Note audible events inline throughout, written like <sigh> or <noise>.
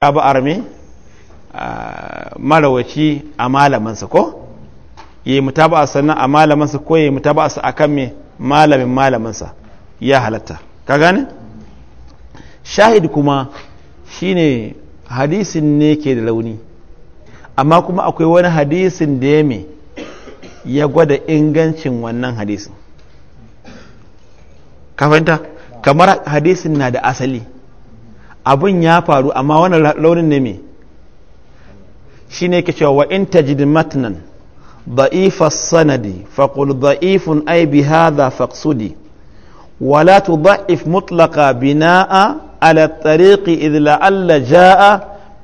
abu'ar me marawaci a malamansa ko ya yi a sannan a malamansa ko ya yi mutaba a me malamin malamansa ya halatta ka gane shahid kuma shine hadisin ne ke da launi amma kuma akwai wani hadisin da ya me ya gwada ingancin wannan hadisin ka fahimta kamar hadisin na da asali abin ya faru amma wannan launin ne me shi ne ke cewa wa in tajid matnan ضعيف السند فقل ضعيف أي بهذا فاقصدي ولا تضعف مطلقا بناء على الطريق إذ لعل جاء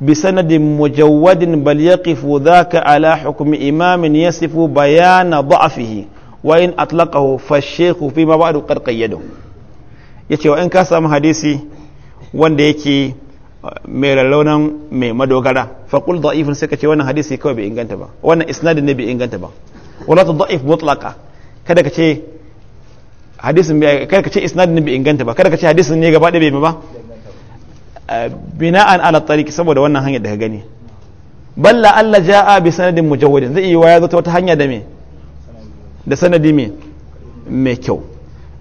بسند مجود بل يقف ذاك على حكم إمام يصف بيان ضعفه وإن أطلقه فالشيخ فيما بعد قد قيده يتي وإن كاسم حديثي wanda yake uh, mai rarraunan mai madogara faƙul da'ifin sai ka ce wannan hadisi kawai bai inganta ba wannan isnadin ne bai inganta ba wala ta da'if mutlaka kada ka ce hadisin kada ka ce isnadin ne bai inganta ba kada ka ce hadisin ne gaba ɗaya bai ba uh, bina'an ala tariki saboda wannan hanyar da ka gani balla Allah ja'a bi sanadin mujawwadin zai yi waya zata wata hanya da me da sanadi me mai kyau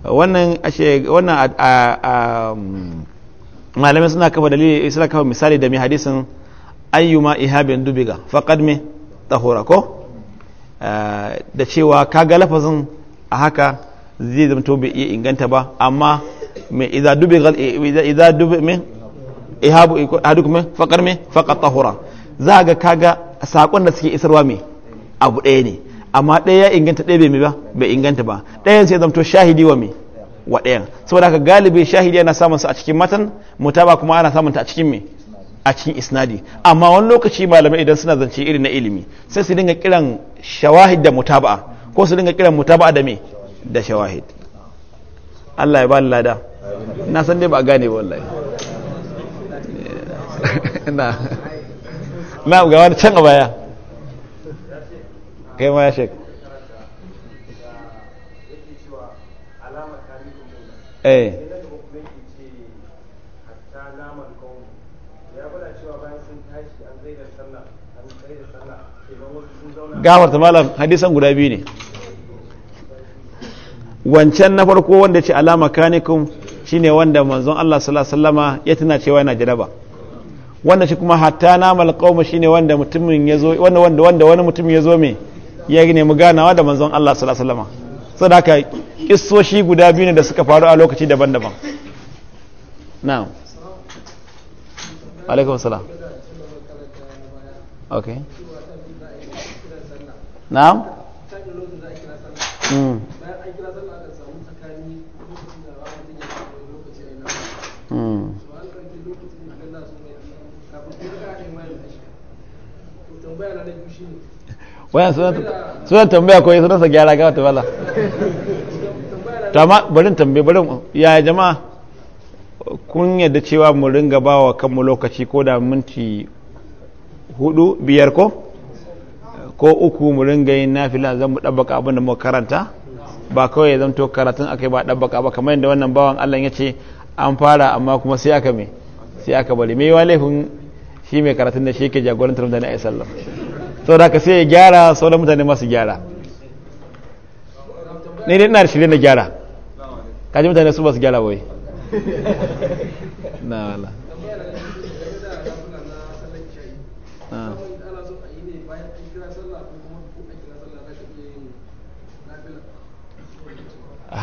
wannan ashe wannan uh, um, malamai suna kafa dalili suna kafa misali da mai hadisin ayyuma ihabin dubiga faqad me tahura ko eh, da cewa ka ga lafazin a haka zai zamto bai iya inganta ba amma me idza dubiga idza dubi me ihabu haduk me faqad me faqad tahura za ga kaga sakon da suke isarwa me abu ɗaya ne amma ɗaya ya inganta ɗaya bai mi ba bai inganta ba ɗaya sai zamto shahidi wa me wa saboda haka galibi shahidi yana samun sa a cikin matan mutaba kuma ana samun ta a cikin me a cikin isnadi amma wani lokaci malamai idan suna zance irin na ilimi sai su dinga kiran shawahid da mutaba ko su dinga kiran mutaba da me da shawahid Allah ya ba lada na san dai ba gane ba wallahi <laughs> na na ga wani can a baya kai ma ya shek eh gafarta malam hadisan guda biyu ne wancan na farko wanda ce alama kanikum shine wanda manzon Allah sallallahu ya tana cewa yana jaraba wanda shi kuma hatta namal shi shine wanda mutumin yazo wanda wanda wanda wani mutum yazo me ya gine mu ganawa da manzon Allah sallallahu kiso kissoshi guda biyu ne da suka faru a lokaci daban-daban na'am sala ok na'am hmm. waya sunan tambaya ko suna sa gyara gawa tabala to barin tambaye barin ya jama'a kun yadda cewa mu ringa ba wa kanmu lokaci ko da minti hudu biyar ko ko uku mu ringa yin nafila zan mu ɗabbaka abin da mu karanta ba kawai ya zanto karatun yi ba ɗabbaka ba kamar yadda wannan bawan Allah ya ce an fara amma kuma sai aka mai sai aka bari me wa laifin shi mai karatun da shi ke jagorantar mutane a yi sallah sau da ka sai ya gyara sauran mutane masu gyara ne ne ina da shirye na gyara kaji mutane su basu gyara wai na wala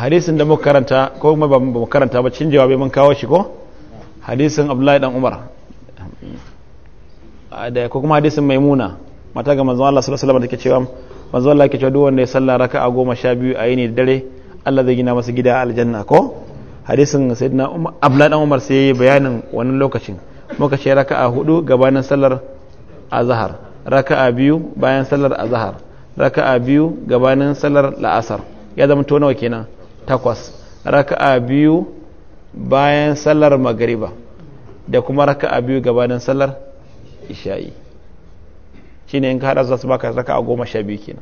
hadisin da muka karanta ko kuma ba mu karanta ba cin jawabi mun kawo shi ko hadisin abdullahi dan umar da ko kuma hadisin maimuna mata ga manzon Allah sallallahu alaihi wasallam take cewa manzon Allah yake cewa duk wanda ya salla raka'a goma sha biyu a yini dare Allah zai gina masa gida aljanna ko hadisin sayyidina Umar Abdullah dan Umar sai bayanin wannan lokacin muka ce raka'a hudu gabanin sallar azhar raka'a biyu bayan sallar azhar raka'a biyu gabanin sallar la'asar ya zama to nawa kenan takwas raka'a biyu bayan sallar magariba da kuma raka'a biyu gabanin sallar isha'i ne in ka haɗa za su baka zaka a goma sha biyu kenan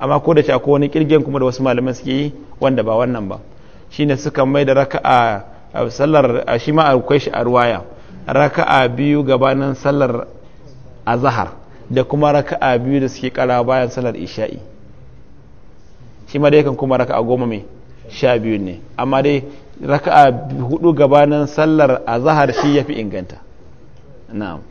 amma ko da ko wani kirgen kuma da wasu malaman suke yi wanda ba wannan ba shi ne suka mai da raka a sallar shi ma akwai shi a ruwaya raka a biyu gabanin sallar azahar da kuma raka a biyu da suke kara bayan sallar isha'i shi ma dai kan kuma raka a goma mai sha biyu ne amma dai raka a hudu gabanin sallar azahar shi ya fi inganta na'am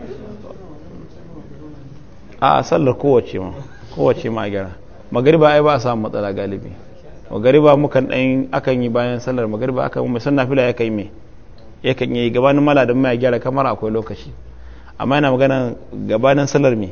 a sallar kowace ma kowace ma gyara magariba ai ba a samu matsala galibi magariba mukan dan akan yi bayan sallar magariba akan mai sannan fila ya kai me? ya kan yi gabanin mala da mai gyara kamar akwai lokaci amma yana magana gabanin sallar me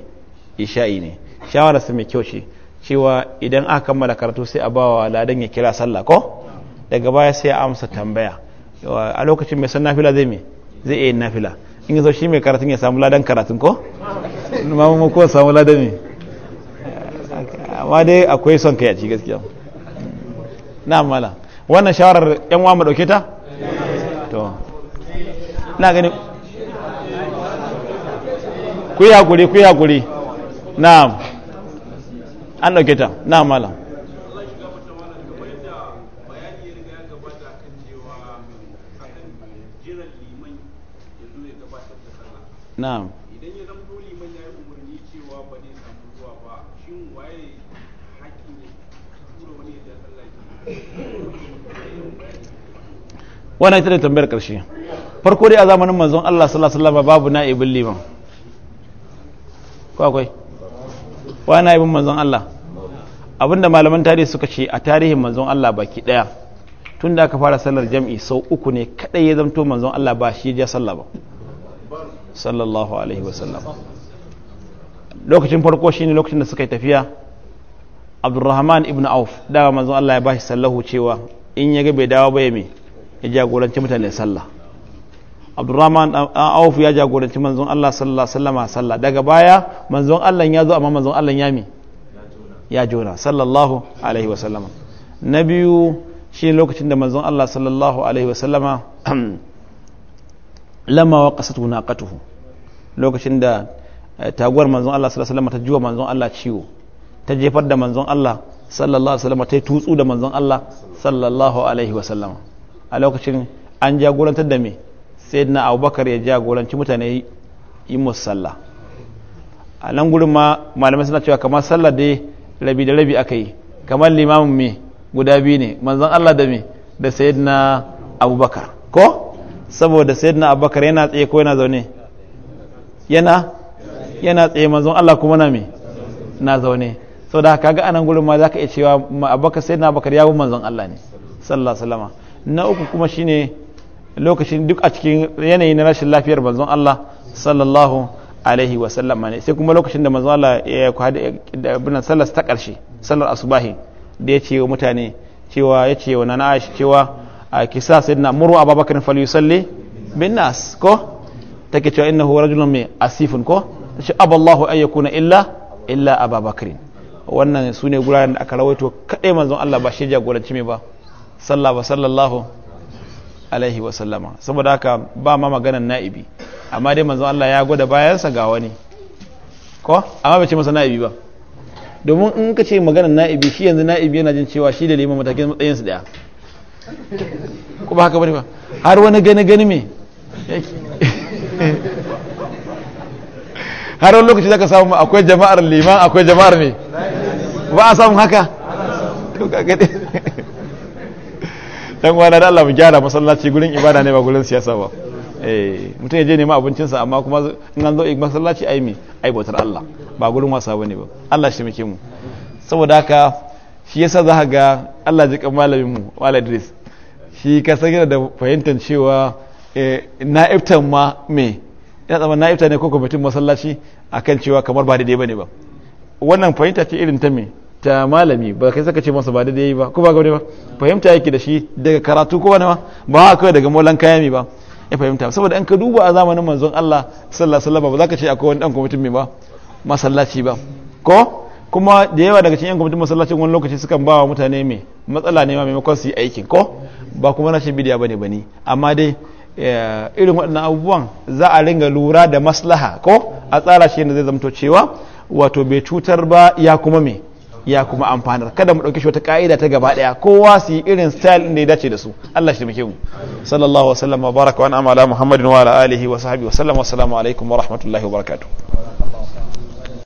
isha'i ne shawarar su mai kyau ce cewa idan aka kammala karatu sai a bawa ladan ya kira sallah ko daga baya sai a amsa tambaya a lokacin mai sunna fila zai me zai iya yin nafila in zo shi mai karatun ya samu ladan karatun ko ma mu ko samu ladami amma dai akwai son kai a ci gaskiya na mala wannan shawarar yan wa mu dauke ta to na gani ku ya gure ku ya gure na'am an dauke ta na mala na'am wannan ita da tambayar ƙarshe farko dai a zamanin manzon Allah sallallahu alaihi wasallam babu na'ibin liman ko akwai wa na'ibin manzon Allah abinda malaman tarihi suka ce a tarihin manzon Allah baki daya tunda aka fara sallar jami'i sau uku ne kadai ya zanto manzon Allah ba shi ya salla ba sallallahu alaihi wasallam lokacin farko shine lokacin da suka yi tafiya abdurrahman ibn auf daga manzon Allah ya bashi sallahu cewa in ya ga bai dawo ba ya me ya jagoranci mutane sallah abdurrahman auf ya jagoranci manzon Allah sallallahu alaihi wasallam sallah daga baya manzon Allah ya zo amma manzon Allah ya me ya jona sallallahu alaihi wasallam na biyu shi lokacin da manzon Allah sallallahu alaihi wasallam <clears throat> lamma wa qasatu naqatuhu lokacin da eh, taguwar manzon Allah sallallahu alaihi wasallam ta juwa manzon Allah ciwo ta jefar da manzon Allah sallallahu alaihi wasallam ta yi tutsu da manzon Allah sallallahu alaihi wasallam a lokacin an jagorantar da me sayyidina Abubakar ya jagoranci mutane yi musalla a nan gurin ma malamai suna cewa kamar sallar da rabi da rabi aka yi kamar limamin me guda biyu ne manzon Allah da me da sayyidina Abubakar ko saboda sayyidina Abubakar yana tsaye ko yana zaune yana yana tsaye manzon Allah kuma na me na zaune sau da kaga anan gurin ma za ka iya cewa abubakar sai na bakar yawon manzon Allah ne sallallahu na uku kuma shine lokacin duk a cikin yanayi na rashin lafiyar manzon Allah sallallahu alaihi wa sallam ne sai kuma lokacin da manzon Allah ya hada da binan sallar ta karshe sallar asubahi da ya ce wa mutane cewa ya ce wa nana Aisha cewa a kisa sayyidina muru abubakar yusalli bin nas ko take cewa innahu rajulun mai asifun ko tace aballahu ayyakuna illa illa abubakar wannan su ne guraren da aka rawaito kaɗai manzon Allah ba shi jagoranci mai ba sallah ba sallallahu alaihi wa sallama saboda haka ba ma maganan na'ibi amma dai manzon Allah ya gwada bayansa ga wani ko amma bai ce masa na'ibi ba domin in ka ce maganan na'ibi shi yanzu na'ibi yana jin cewa shi da liman matakin matsayin su daya ko ba haka bane ba har wani gani gani me har wani lokaci zaka samu akwai jama'ar liman akwai jama'ar me ba a samun haka to kaga dan wani da Allah mu gyara masallaci gurin ibada ne ba gurin siyasa ba eh mutum ya je nema abincinsa amma kuma in an zo masallaci ai mi ai bautar Allah ba gurin wasa bane ba Allah shi muke mu saboda haka shi yasa za ga Allah ji kan malamin mu Wala Idris shi ka sanya da fahimtar cewa eh, na'ibtan ma me ina zama na'ibta ne ko kwamitin masallaci akan cewa kamar ba daidai bane ba wannan fahimta ce irin ta me ta malami ba kai saka ce masa ba yayi ba ko ba gaure ba fahimta yake da shi daga karatu ko wani ba ba kai daga molan kayami ba ya fahimta saboda an ka duba a zamanin manzon Allah sallallahu alaihi wasallam ba za ka ce akwai wani dan kwamitin mai ba masallaci ba ko kuma da yawa daga cikin yan kwamitin masallacin wani lokaci sukan ba wa mutane mai matsala ne ma maimakon su yi aikin ko ba kuma rashin bidiya bane bane amma dai eh, irin waɗannan abubuwan za a ringa lura da maslaha ko a tsara shi ne zai zamto cewa wato bai cutar ba ya kuma mai ya kuma amfanar kada mu dauke shi wata ka'ida ta gaba daya kowa su yi irin style din da ya dace da su Allah shi taimake mu sallallahu alaihi wasallam wa baraka wa an'ama ala muhammadin wa ala alihi wa sahbihi wa sallam wa assalamu alaikum wa rahmatullahi wa barakatuh